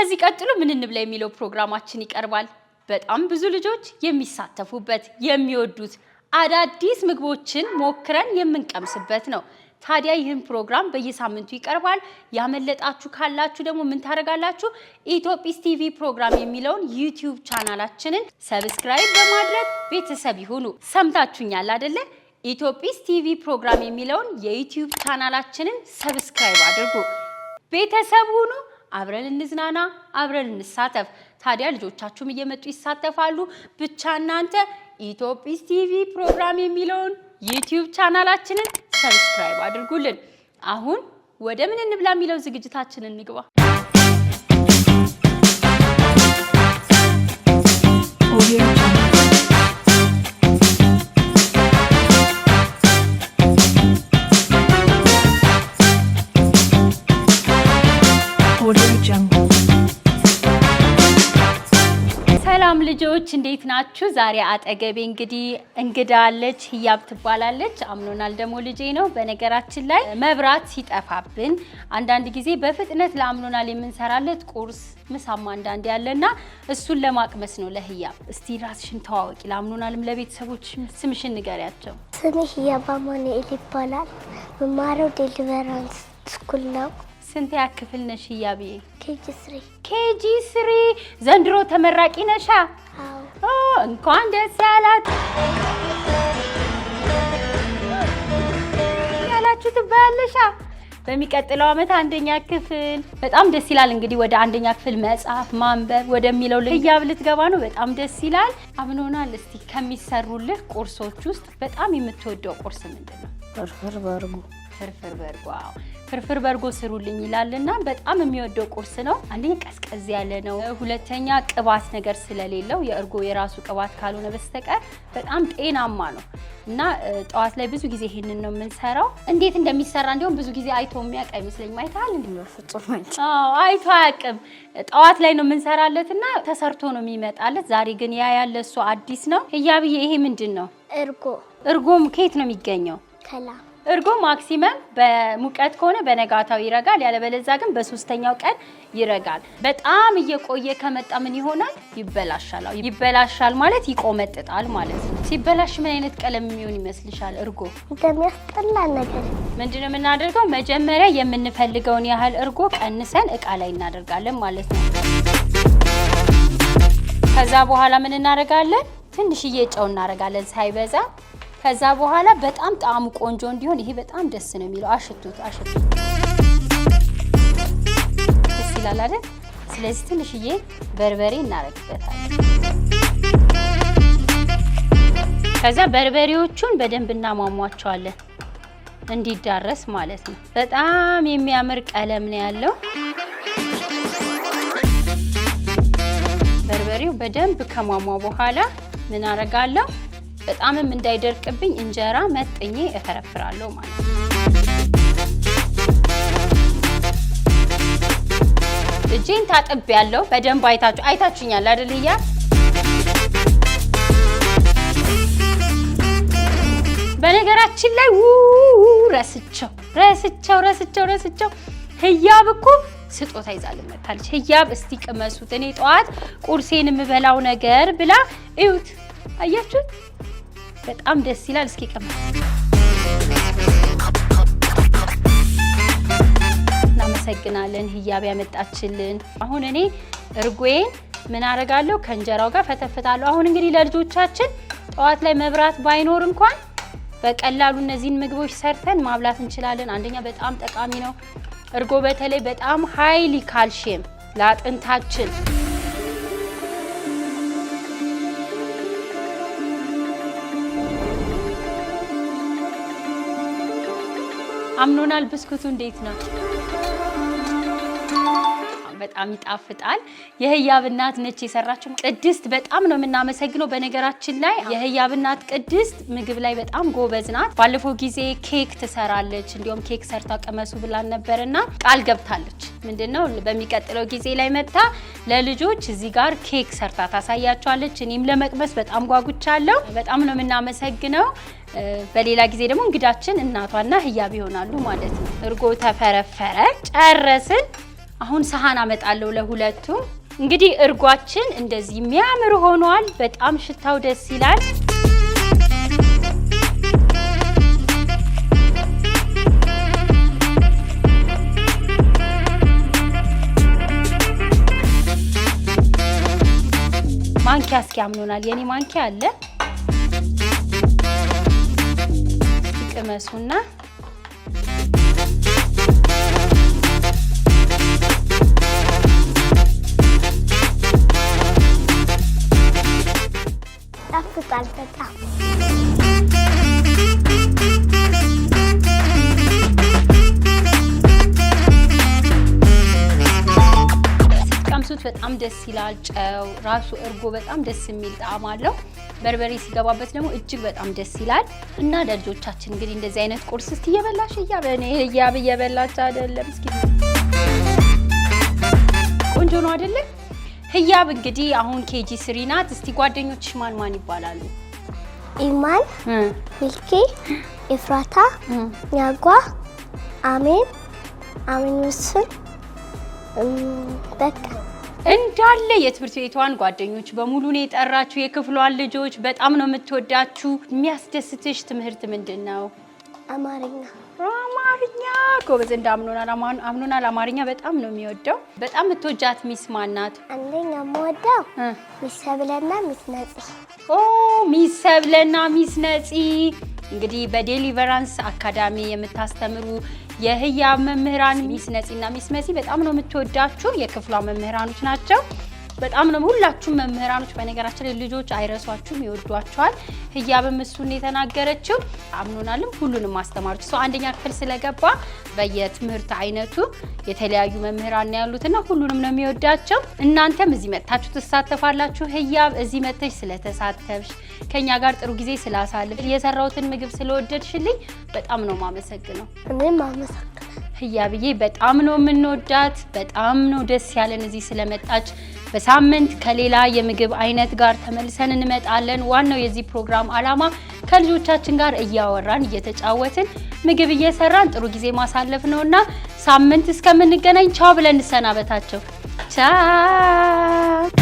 ከዚህ ቀጥሎ ምን እንብላ የሚለው ፕሮግራማችን ይቀርባል። በጣም ብዙ ልጆች የሚሳተፉበት የሚወዱት አዳዲስ ምግቦችን ሞክረን የምንቀምስበት ነው። ታዲያ ይህን ፕሮግራም በየሳምንቱ ይቀርባል። ያመለጣችሁ ካላችሁ ደግሞ ምን ታደርጋላችሁ? ኢትዮጲስ ቲቪ ፕሮግራም የሚለውን ዩቲዩብ ቻናላችንን ሰብስክራይብ በማድረግ ቤተሰብ ይሁኑ። ሰምታችሁኛል አደለ? ኢትዮጲስ ቲቪ ፕሮግራም የሚለውን የዩቲዩብ ቻናላችንን ሰብስክራይብ አድርጉ። ቤተሰብ ሁኑ። አብረን እንዝናና፣ አብረን እንሳተፍ። ታዲያ ልጆቻችሁም እየመጡ ይሳተፋሉ። ብቻ እናንተ ኢትዮጲስ ቲቪ ፕሮግራም የሚለውን ዩቲዩብ ቻናላችንን ሰብስክራይብ አድርጉልን። አሁን ወደ ምን እንብላ የሚለው ዝግጅታችን እንግባ። ሰላም ልጆች እንዴት ናችሁ? ዛሬ አጠገቤ እንግዲህ እንግዳ አለች። ህያብ ትባላለች። አምኖናል ደግሞ ልጄ ነው። በነገራችን ላይ መብራት ሲጠፋብን አንዳንድ ጊዜ በፍጥነት ለአምኖናል የምንሰራለት ቁርስ፣ ምሳማ አንዳንድ ያለና እሱን ለማቅመስ ነው ለህያብ። እስቲ ራስሽን ተዋወቂ፣ ለአምኖናልም ለቤተሰቦች ስምሽን ንገሪያቸው። ስሜ ህያብ አማኑኤል ይባላል። መማረው ዴሊቨራንስ ስኩል ነው። ስንት ያ ክፍል ነሽ ህያብዬ? ኬጂ ስሪ ኬጂ ስሪ ዘንድሮ ተመራቂ ነሻ? አዎ። እንኳን ደስ ያላት። ያላችሁ ትባያለሻ በሚቀጥለው ዓመት አንደኛ ክፍል በጣም ደስ ይላል። እንግዲህ ወደ አንደኛ ክፍል መጽሐፍ ማንበብ ወደሚለው ህያብ ልትገባ ነው። በጣም ደስ ይላል። አምኖናል። እስቲ ከሚሰሩልህ ቁርሶች ውስጥ በጣም የምትወደው ቁርስ ምንድን ነው? ፍርፍር በርጎ። ፍርፍር በርጎ። ፍርፍር በርጎ ስሩልኝ ይላልና በጣም የሚወደው ቁርስ ነው። አንደኛ ቀዝቀዝ ያለ ነው። ሁለተኛ ቅባት ነገር ስለሌለው የእርጎ የራሱ ቅባት ካልሆነ በስተቀር በጣም ጤናማ ነው እና ጠዋት ላይ ብዙ ጊዜ ይሄንን ነው የምንሰራው። እንዴት እንደሚሰራ እንዲሁም ብዙ ጊዜ አይቶ የሚያውቅ አይመስለኝም። አይተሃል? አይቶ አያውቅም። ጠዋት ላይ ነው የምንሰራለት እና ተሰርቶ ነው የሚመጣለት። ዛሬ ግን ያ ያለ እሱ አዲስ ነው። እያብዬ ይሄ ምንድን ነው? እርጎ። እርጎም ከየት ነው የሚገኘው? ከላም እርጎ ማክሲመም በሙቀት ከሆነ በነጋታው ይረጋል፣ ያለበለዛ ግን በሶስተኛው ቀን ይረጋል። በጣም እየቆየ ከመጣ ምን ይሆናል? ይበላሻል። ይበላሻል ማለት ይቆመጥጣል ማለት ነው። ሲበላሽ ምን አይነት ቀለም የሚሆን ይመስልሻል? እርጎ እንደሚያስጠላ ነገር ምንድን ነው የምናደርገው? መጀመሪያ የምንፈልገውን ያህል እርጎ ቀንሰን እቃ ላይ እናደርጋለን ማለት ነው። ከዛ በኋላ ምን እናደርጋለን? ትንሽዬ ጨው እናደርጋለን ሳይበዛ ከዛ በኋላ በጣም ጣዕሙ ቆንጆ እንዲሆን ይሄ በጣም ደስ ነው የሚለው። አሽቱት አሽቱት ደስ ይላል አይደል? ስለዚህ ትንሽዬ በርበሬ እናረግበታለን። ከዛ በርበሬዎቹን በደንብ እናሟሟቸዋለን እንዲዳረስ ማለት ነው። በጣም የሚያምር ቀለም ነው ያለው። በርበሬው በደንብ ከሟሟ በኋላ ምን አረጋለሁ በጣምም እንዳይደርቅብኝ እንጀራ መጥኜ እፈረፍራለሁ ማለት ነው። እጄን ታጥብ ያለው በደንብ አይታችሁ አይታችሁኛል አይደል? እያ በነገራችን ላይ ውው ረስቸው ረስቸው ረስቸው ረስቸው ህያብ እኮ ስጦታ ይዛልን መታለች። ህያብ እስቲ ቅመሱት። እኔ ጠዋት ቁርሴን የምበላው ነገር ብላ እዩት። አያችሁት? በጣም ደስ ይላል። እስኪ ቅመ እናመሰግናለን፣ ህያብ ያመጣችልን። አሁን እኔ እርጎዬን ምን አረጋለሁ ከእንጀራው ጋር ፈተፍታለሁ። አሁን እንግዲህ ለልጆቻችን ጠዋት ላይ መብራት ባይኖር እንኳን በቀላሉ እነዚህን ምግቦች ሰርተን ማብላት እንችላለን። አንደኛ በጣም ጠቃሚ ነው እርጎ፣ በተለይ በጣም ሀይሊ ካልሽየም ለአጥንታችን አምኖናል። ብስኩቱ እንዴት ነው? በጣም ይጣፍጣል። የህያብ እናት ነች የሰራችው ቅድስት። በጣም ነው የምናመሰግነው። በነገራችን ላይ የህያብ እናት ቅድስት ምግብ ላይ በጣም ጎበዝ ናት። ባለፈው ጊዜ ኬክ ትሰራለች። እንዲሁም ኬክ ሰርታ ቀመሱ ብላን ነበርና ቃል ገብታለች። ምንድነው በሚቀጥለው ጊዜ ላይ መጥታ ለልጆች እዚህ ጋር ኬክ ሰርታ ታሳያቸዋለች። እኔም ለመቅመስ በጣም ጓጉቻለሁ። በጣም ነው የምናመሰግነው። በሌላ ጊዜ ደግሞ እንግዳችን እናቷና ህያብ ይሆናሉ ማለት ነው። እርጎ ተፈረፈረ፣ ጨረስን። አሁን ሰሃን አመጣለሁ ለሁለቱ። እንግዲህ እርጓችን እንደዚህ የሚያምር ሆኗል። በጣም ሽታው ደስ ይላል። ማንኪያ እስኪ አምኖናል። የኔ ማንኪያ አለ። ቅመሱና በጣም ቀምሱት በጣም ደስ ይላል። ጨው ራሱ እርጎ በጣም ደስ የሚል ጣዕም አለው። በርበሬ ሲገባበት ደግሞ እጅግ በጣም ደስ ይላል እና ለልጆቻችን እንግዲህ እንደዚህ አይነት ቁርስ እስቲ እየበላሽ እያበኔ እያብ እየበላች አይደለም እስኪ ቆንጆ ነው አይደለም? ህያብ እንግዲህ አሁን ኬጂ ስሪ ናት። እስቲ ጓደኞችሽ ማን ማን ይባላሉ? ኢማን፣ ሚልኬ፣ ኤፍራታ፣ ኛጓ፣ አሜን፣ አሜን ምስል በቃ እንዳለ የትምህርት ቤቷን ጓደኞች በሙሉ ነው የጠራችሁ። የክፍሏን ልጆች በጣም ነው የምትወዳችሁ። የሚያስደስትሽ ትምህርት ምንድን ነው? አማርኛ አማርኛ ጎበዝ። እንደ አምኖና አማርኛ በጣም ነው የሚወደው። በጣም የምትወጃት ሚስ ማናት? አንደኛ የምወደው ሚስ ሰብለና ሚስ ነፂ። ኦ ሚስ ሰብለና ሚስ ነፂ እንግዲህ በዴሊቨራንስ አካዳሚ የምታስተምሩ የህያ መምህራን ሚስ ነፂና ሚስ መሲ በጣም ነው የምትወዳችሁ። የክፍሏ መምህራኖች ናቸው። በጣም ነው ሁላችሁም መምህራኖች በነገራችን ላይ ልጆች አይረሷችሁም፣ ይወዷቸዋል። ህያብም እሱን የተናገረችው አምኖናልም ሁሉንም አስተማሪዎች ሰው አንደኛ ክፍል ስለገባ በየትምህርት አይነቱ የተለያዩ መምህራን ያሉትና ሁሉንም ነው የሚወዳቸው። እናንተም እዚህ መጥታችሁ ትሳተፋላችሁ። ህያብ እዚህ መጥተሽ ስለተሳተፍሽ ከኛ ጋር ጥሩ ጊዜ ስላሳልፍ የሰራሁትን ምግብ ስለወደድሽልኝ በጣም ነው ማመሰግነው። እኔም አመሰግናለሁ ህያብዬ። በጣም ነው የምንወዳት። በጣም ነው ደስ ያለን እዚህ ስለመጣች በሳምንት ከሌላ የምግብ አይነት ጋር ተመልሰን እንመጣለን። ዋናው የዚህ ፕሮግራም ዓላማ ከልጆቻችን ጋር እያወራን እየተጫወትን ምግብ እየሰራን ጥሩ ጊዜ ማሳለፍ እና ሳምንት እስከምንገናኝ ቻው ብለን እንሰናበታቸው። ቻው